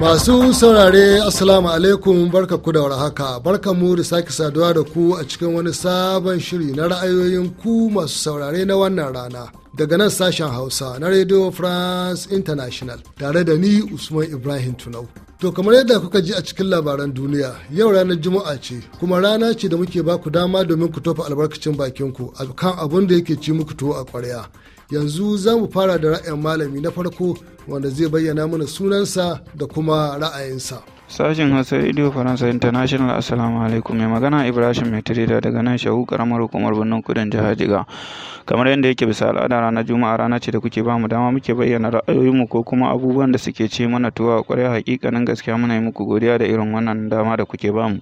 Masu saurare Assalamu alaikum barka ku da warhaka barka mu da sake saduwa da ku a cikin wani sabon shiri na ra'ayoyin ku masu saurare na wannan rana daga nan sashen Hausa na Radio France International tare da ni Usman Ibrahim Tunau. To kamar yadda kuka ji a cikin labaran duniya yau ranar Juma'a ce kuma rana ce da muke ba ku dama domin ku tofa albarkacin bakin ku kan abun da yake ci muku tuwo a kwarya. yanzu za mu fara da ra'ayin malami na farko wanda zai bayyana mana sunansa da kuma ra'ayinsa Sashen Hausa Radio Faransa International Assalamu alaikum mai magana Ibrahim Metrida daga nan Shahu karamar hukumar birnin kudin jihar Jiga. Kamar yadda yake bisa al'ada ranar Juma'a rana ce da kuke ba mu dama muke bayyana ra'ayoyinmu ko kuma abubuwan da suke ce mana tuwa kwarai hakikanin gaskiya muna yi muku godiya da irin wannan dama da kuke ba mu.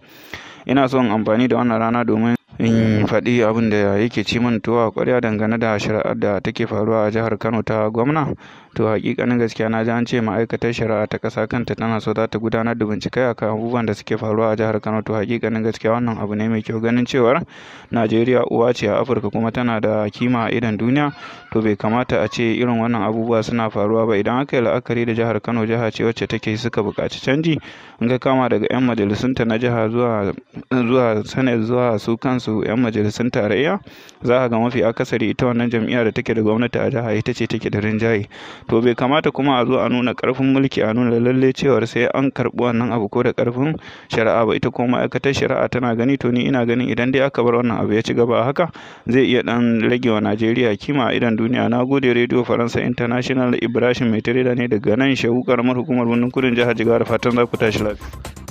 Ina son amfani da wannan rana domin in eh. faɗi abin da yake ci min tuwo a ƙwarya dangane da shari'ar da take faruwa a jihar Kano ta gwamna? to hakikanin gaskiya na ji an ce ma'aikatar shari'a ta ƙasa kanta tana so za ta gudanar da bincike akan abubuwan da suke faruwa a jihar Kano to hakikanin gaskiya wannan abu ne mai kyau ganin cewar Najeriya uwa ce a Afirka kuma tana da kima a idon duniya to bai kamata a ce irin wannan abubuwa suna faruwa ba idan aka yi la'akari da jihar Kano jiha ce wacce take suka buƙaci canji in ka kama daga 'yan majalisunta na jiha zuwa zuwa zuwa su kansu 'yan majalisun tarayya za ka ga mafi akasari ita wannan jam'iyya da take da gwamnati a jiha ita ce take da rinjaye to bai kamata kuma a zo a nuna karfin mulki a nuna lalle cewar sai an karbi wannan abu ko da karfin shari'a ba ita kuma ma'aikatar shari'a tana gani to ni ina ganin idan dai aka bar wannan abu ya ci gaba haka zai iya dan rage wa Najeriya kima a idan duniya na gode radio Faransa International Ibrahim Maitreda ne daga nan karamar hukumar wannan kudin jihar Jigawa fatan za ku tashi lafiya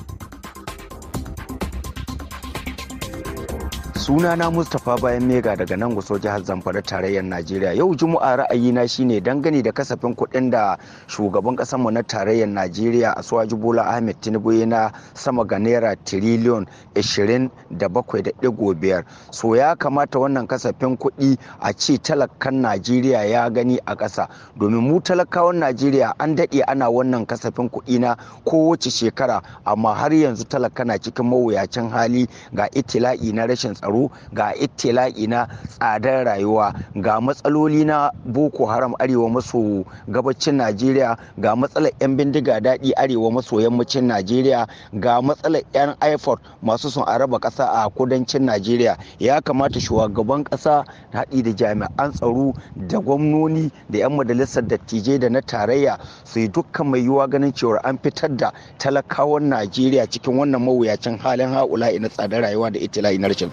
Suna na mustapha bayan mega daga nan gusau jihar zamfara tarayyar najeriya yau juma'a ra'ayina shine dangane da kasafin kuɗin da shugaban ƙasarmu na tarayyar najeriya a suwaji bola ahmed tinubu yana sama ga naira tiriliyon 27.5 so ya kamata wannan kasafin kuɗi a ce talakan najeriya ya gani a ƙasa domin mu talakawan najeriya an daɗe ana wannan kasafin kuɗi na kowace shekara amma har yanzu talaka na cikin mawuyacin hali ga itila'i na rashin tsaro tsaro ga ittila'i na tsadar rayuwa ga matsaloli na boko haram arewa maso gabacin najeriya ga matsalar 'yan bindiga daɗi arewa maso yammacin najeriya ga matsalar 'yan iphone masu son a ƙasa a kudancin najeriya ya kamata shugaban ƙasa haɗi da jami'an tsaro da gwamnoni da 'yan majalisar dattijai da na tarayya su yi dukkan mai yiwuwa ganin cewar an fitar da talakawan najeriya cikin wannan mawuyacin halin ha'ula'i na tsadar rayuwa da itila'i na rashin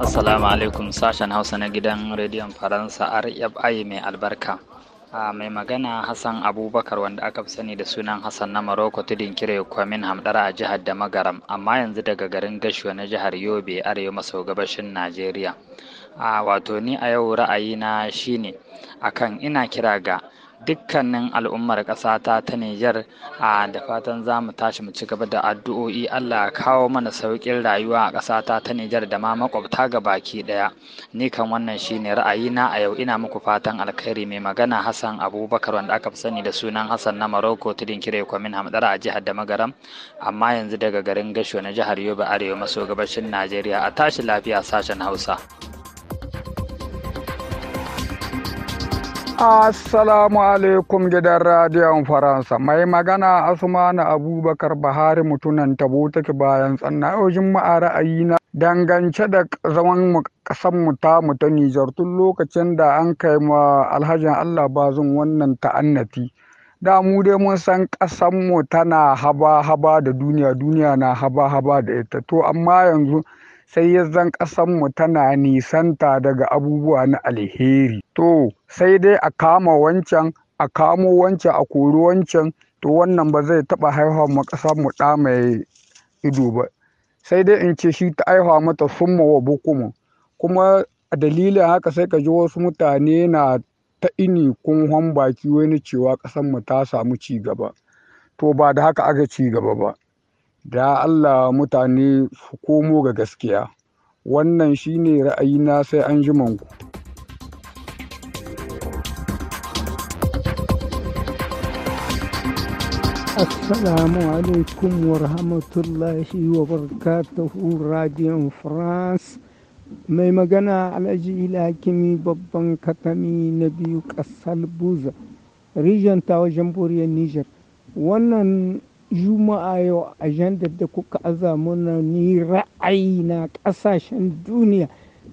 Assalamu alaikum sashen Hausa na gidan rediyon Faransa RFI mai albarka. A mai magana Hassan Abubakar wanda aka fi sani da sunan Hassan na Maroko tudin kire kwamin hamdara a jihar da magaram amma yanzu daga garin Gashuwa na jihar Yobe arewa maso gabashin Najeriya. a wato ni a yau ra'ayina shine akan ina kira ga dukkanin al'ummar ƙasata ta Nijar a da fatan za mu tashi mu ci gaba da addu'o'i Allah kawo mana sauƙin rayuwa a ƙasata ta Nijar da ma makwabta ga baki ɗaya. Ni kan wannan shine ra'ayina a yau ina muku fatan alkhairi mai magana Hassan Abubakar wanda aka fi sani da sunan Hassan na Maroko tudin kire kwamin hamdara a jihar Damagaram amma yanzu daga garin Gasho na jihar Yobe Arewa maso gabashin Najeriya a tashi lafiya sashen Hausa. Assalamu alaikum gidan radiyon Faransa mai magana Asmanu Abubakar Bahari mutunan tabo take bayan tsannayojin ma'a ra'ayi na. dangance da zaman kasan mu ta mu ta Nijar tun lokacin da an kai ma alhajin Allah bazin wannan ta'annati. Da mu dai mun san kasan mu tana haba haba da duniya duniya na haba haba da ita to amma yanzu sai ya zan ƙasanmu tana nisanta daga abubuwa na alheri to sai dai a kama wancan a kamo wancan a kori wancan to wannan ba zai taɓa haihuwa mu ƙasanmu ɗa mai ido ba sai dai in ce shi ta haifa mata summa wa bukumu kuma a dalilin haka sai ka ji wasu mutane na ta ini kun baki wani cewa ƙasar mu ta samu ci gaba to ba da haka aka ci gaba ba da Allah mutane su komo ga gaskiya wannan shine ra'ayina sai an ji manku. Assalamu alaikum wa rahmatullahi wa barakatuhu Radio France mai magana alhaji ilakimi babban katami na biyu kasar buza region ta wajen buriyar Niger wannan juma'a yau ajandar da kuka aza mana ni ra'ayi na kasashen duniya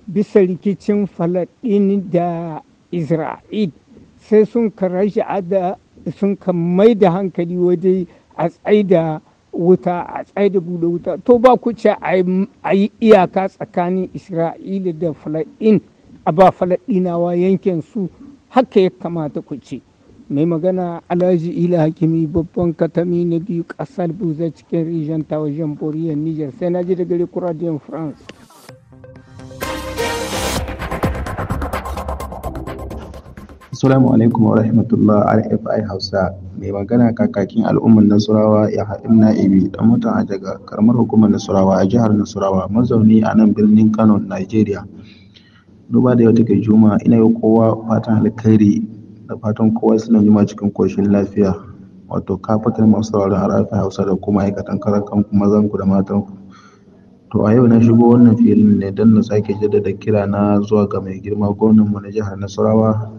bisa rikicin faladin da isra'il sai sun karashi da sun ka mai da hankali waje a tsaida wuta a tsaida bude wuta to ba ku ce a yi iyaka tsakanin isra'ila da faladin a ba faladinawa yankin su haka ya kamata ku ce mai magana alhaji ila hakimi babban katami na biyu kasar buza cikin region ta wajen boriyar niger sai na ji daga radiyon france Assalamu alaikum wa rahmatullah RFI Hausa mai magana kakakin al'ummar Nasarawa ya haɗin na'ibi ɗan mutan a daga karamar hukumar Nasarawa a jihar Nasarawa mazauni a nan birnin Kano Nigeria. Duba da yau take Juma'a ina yi kowa fatan alkhairi da fatan kowa suna jima cikin koshin lafiya wato kafatar masu sauraron harafin hausa da kuma aikatan karakan mazan ku da matan ku to a yau na shigo wannan filin ne don na sake jaddada kira na zuwa ga mai girma gwamnan mu na jihar nasarawa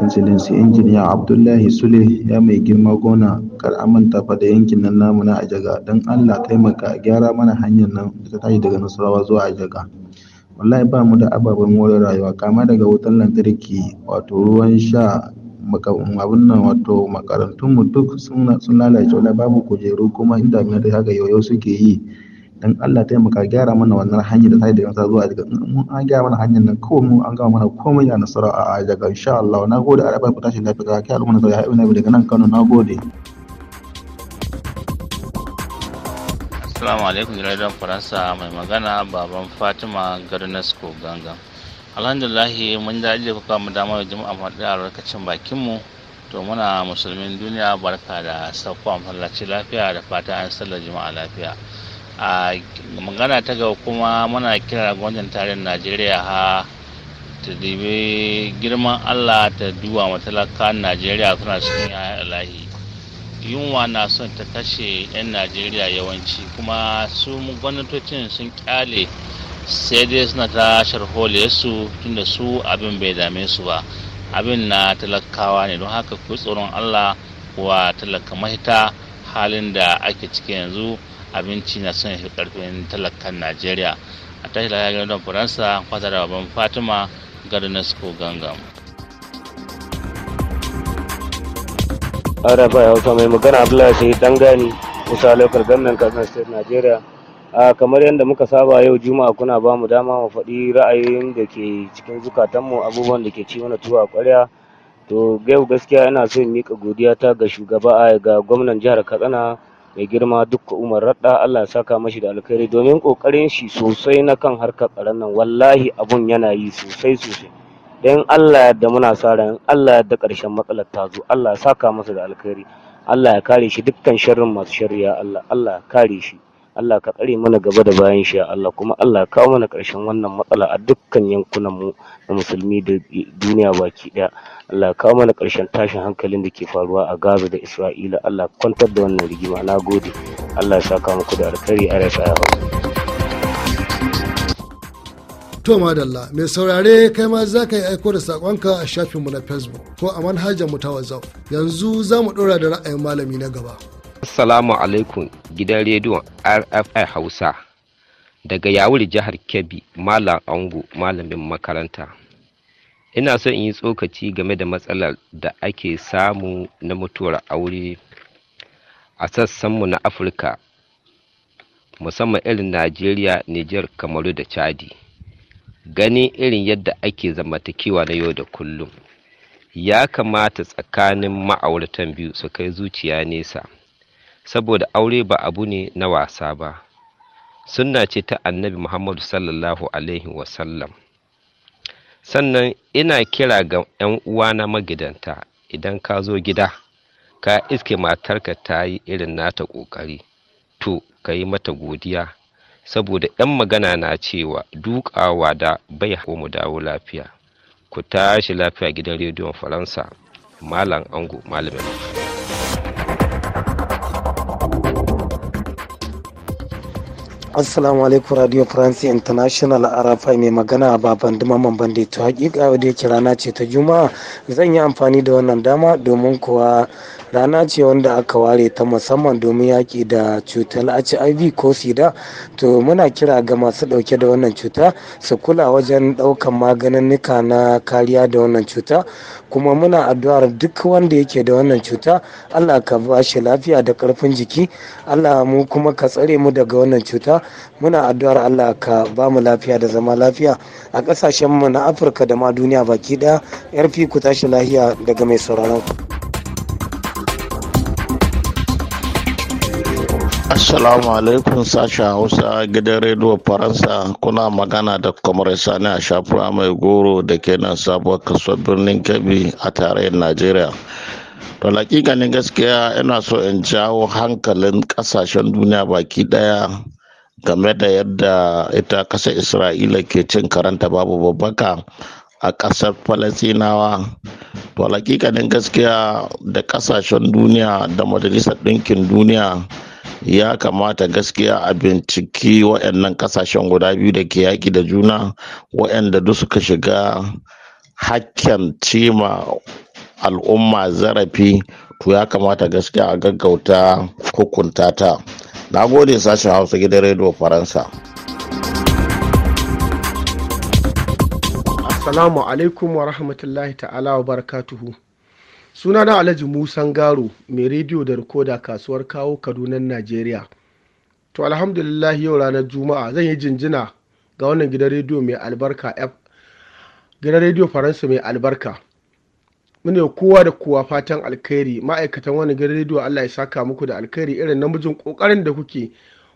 insulins injiniya abdullahi sule ya mai girma gona kar a manta fa da yankin nan namu na ajaga don allah taimaka gyara mana hanyar nan da ta tashi daga nasarawa zuwa ajaga wallahi ba mu da ababen more rayuwa kama daga wutan lantarki wato ruwan sha abin nan wato makarantunmu duk sun lalace wala babu kujeru kuma inda mai da haka yoyo suke yi dan Allah ta muka gyara mana wannan hanyar da ta da ta zuwa daga mun an gyara mana hanyar nan kawai mun an gama mana komai a nasara a daga insha Allah na gode a rabar ku tashi lafiya kai al'umma da ya haɗu daga nan Kano na gode Assalamu alaikum gidan Faransa mai magana baban Fatima ko Ganga. Alhamdulillahi mun ajiye kuka mu dama da a faɗi albarkacin bakinmu to muna musulmin duniya barka da sakwa masallaci lafiya da fata an sallar jama'a lafiya. A magana ta gaba kuma muna kira gwamnatin tarihin Najeriya ha ta girman Allah ta duba matalaka Najeriya suna cikin ya alahi yunwa na son ta tashe 'yan najeriya yawanci kuma su gwamnatocin sun kyale sai dai suna ta sharhole su tunda su abin bai dame su ba abin na talakawa ne don haka ku tsoron allah wa talaka mahita halin da ake ciki yanzu abinci na son shi karfin talakan najeriya a tashi lafiya faransa kwata da babban fatima garin gangam Araba Hausa mai magana Abdullahi dan Dangani Musa Lokal Gwamnan kasan State Najeriya. A kamar yadda muka saba yau Juma'a kuna ba mu dama mu faɗi ra'ayoyin da ke cikin zukatanmu abubuwan da ke ci mana tuwa ƙwarya. To yau gaskiya ina so in miƙa godiya ta ga shugaba a ga gwamnan jihar Katsina mai girma dukka Umar Radda Allah ya saka mashi da alkhairi domin ƙoƙarin shi sosai na kan harkar ƙaran nan wallahi abun yana yi sosai sosai. dan Allah Allah yadda muna sa ran Allah yadda ƙarshen matsalar ta zo Allah ya saka masa da alkhairi Allah ya kare shi dukkan sharrin masu sharri ya Allah Allah ya kare shi Allah ka tsare mana gaba da bayan shi ya Allah kuma Allah ya kawo mana ƙarshen wannan matsala a dukkan yankunan mu na musulmi da duniya baki ɗaya Allah ya kawo mana ƙarshen tashin hankalin da ke faruwa a Gaza da Isra'ila Allah kwantar da wannan rigima na gode Allah ya saka muku da alkhairi a rasa To madalla mai saurare kai ma za ka yi aiko da saƙonka a shafinmu na Facebook ko a manhajar mu ta wazau. Yanzu za mu ɗora da ra'ayin malami na gaba. Assalamu alaikum gidan rediyon RFI Hausa daga Yawuri jihar Kebbi Malam Ango malamin makaranta. Ina so in yi tsokaci game da matsalar da ake samu na mutuwar aure a sassan mu na Afirka musamman irin Najeriya, Nijar, Kamaru da Chadi. ganin irin yadda ake zamantakewa na yau da kullum ya kamata tsakanin ma'auratan biyu su kai zuciya nesa saboda aure ba abu ne na wasa ba sunna ce ta annabi muhammadu sallallahu alaihi wasallam sannan ina kira ga 'yan uwana magidanta idan ka zo gida ka iske matarka ta yi irin nata ƙoƙari to ka yi mata godiya saboda 'yan magana na cewa dukawa da bai ko mu dawo lafiya ku tashi lafiya gidan rediyon faransa malam ango malamin assalamu alaikum radio france international arafa mai magana a baban dumaman bandeto hakika da yake rana ce ta juma'a zan yi amfani da wannan dama domin kuwa rana ce wanda aka ware ta musamman domin yaƙi da cutar hiv ko sida to muna kira ga masu ɗauke da wannan cuta su kula wajen ɗaukan maganin nika na kariya da wannan cuta kuma muna addu'ar duk wanda yake da wannan cuta allah ka ba shi lafiya da ƙarfin jiki allah mu kuma ka tsare mu daga wannan cuta muna addu'ar allah ka ba mu lafiya da zama lafiya a ƙasashen mu na afirka da ma duniya baki ɗaya yarfi ku tashi lahiya daga mai sauraron Assalamu alaikum sashen Hausa gidan rediyo Faransa kuna magana da Kwamar Sani a shafuwa mai goro da ke nan sabuwar kaso birnin Kebbi a tarayyar Najeriya. To ne gaskiya ina so in jawo hankalin ƙasashen duniya baki daya game da yadda ita kasar Isra'ila ke cin karanta babu babbaka a ƙasar Falasinawa. To ne gaskiya da kasashen duniya da Majalisar Ɗinkin Duniya. ya kamata gaskiya a binciki waɗannan ƙasashen guda biyu da ke yaki da juna waɗanda duk suka shiga hakken cima al'umma zarafi to ya kamata gaskiya a gaggauta hukunta ta na gode sashen hausa gidan rediyo faransa assalamu alaikum wa rahmatullahi ta'ala wa barakatuhu suna na alhaji musan garo mai rediyo da rikoda kasuwar kawo kadunan najeriya to alhamdulillah yau ranar juma'a zan yi jinjina ga wannan gidan rediyo mai albarka gidan rediyo faransa mai albarka mune kowa da kowa fatan alkhairi ma'aikatan wani gidan rediyo allah ya saka muku da alkhairi irin namijin kokarin da kuke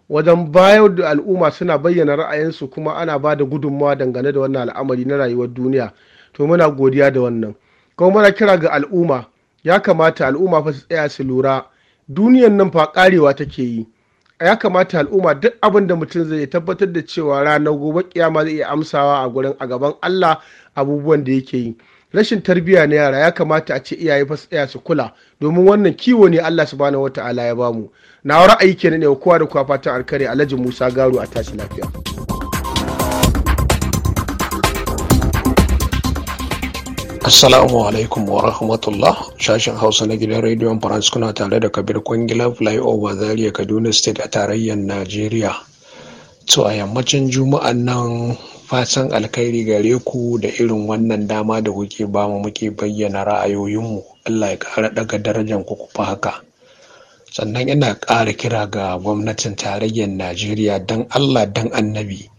wajen bayar da al'umma suna bayyana ra'ayinsu kuma ana ba da gudunmawa dangane da wannan al'amari na rayuwar duniya to muna godiya da wannan kuma muna kira ga al'umma ya kamata al'umma fa su tsaya su lura duniyan nan fa karewa take yi ya kamata al'umma duk abin da mutum zai tabbatar da cewa ranar gobe kiyama zai iya amsawa a gurin a gaban Allah abubuwan da yake yi rashin tarbiyya na yara ya kamata a ce iyaye fa tsaya su kula domin wannan kiwo ne Allah subhanahu wataala ya bamu na ra'ayi kenan ne kowa da kowa fatan alkare Alhaji Musa Garu a tashi lafiya Assalamu alaikum wa rahmatullah shashin Hausa na gidan rediyon France kuna tare da Kabir Kwangila Flyover Zaria Kaduna State a tarayyar Najeriya. To a yammacin Juma'an nan fatan alkhairi gare ku da irin wannan dama da kuke ba mu muke bayyana ra'ayoyinmu Allah ya kara daga darajan ku kufa haka. Sannan ina ƙara kira ga gwamnatin tarayyar Najeriya don Allah don annabi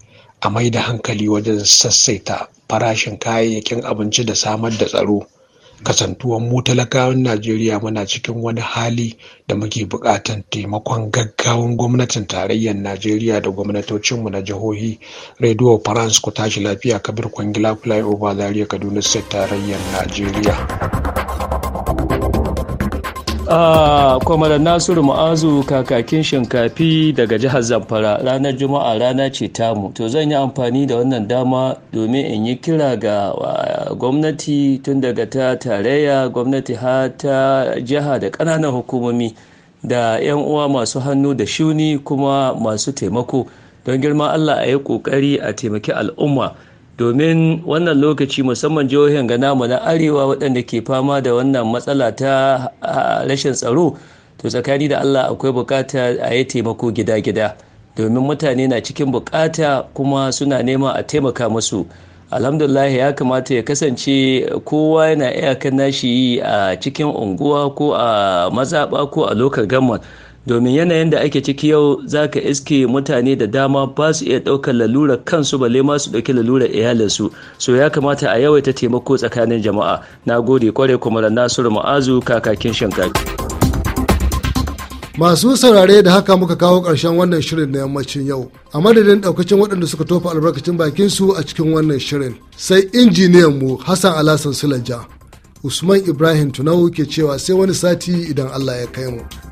a mai da hankali wajen sassaita farashin kayayyakin abinci da samar da tsaro kasantuwan mu talakawan najeriya muna cikin wani hali da muke buƙatan taimakon gaggawan gwamnatin tarayyar najeriya da gwamnatocinmu na jihohi radio france ku tashi lafiya kabir kwangila Oba zaria kaduna state tarayyar najeriya a kwamar nasiru ma'azu kakakin shinkafi daga jihar zamfara ranar juma'a rana ce tamu to zan yi amfani da wannan dama domin in yi kira ga gwamnati tun daga ta tarayya gwamnati ha ta jiha da ƙananan hukumomi da 'yan uwa masu hannu da shuni kuma masu taimako don girma allah a yi ƙoƙari a taimaki al'umma domin wannan lokaci musamman jihohin ga namu na arewa waɗanda ke fama da wannan matsala ta rashin tsaro to tsakani da allah akwai bukata a yi taimako gida-gida domin mutane na cikin bukata kuma suna nema a taimaka musu alhamdulillah ya kamata ya kasance kowa yana iyakan nashi a cikin unguwa ko a mazaɓa ko a lokal government domin yanayin da ake ciki yau za ka iske mutane da dama ba su iya ɗaukar lalura kansu balle ma su ɗauki lalurar iyalinsu so ya kamata a yawaita taimako tsakanin jama'a na gode kware kuma da nasiru ma'azu kakakin shinkaki masu saurare da haka muka kawo ƙarshen wannan shirin na yammacin yau a madadin ɗaukacin waɗanda suka tofa albarkacin bakin su a cikin wannan shirin sai injiniyan mu hassan alasan sulaja usman ibrahim tunawu ke cewa sai wani sati idan allah ya kai mu.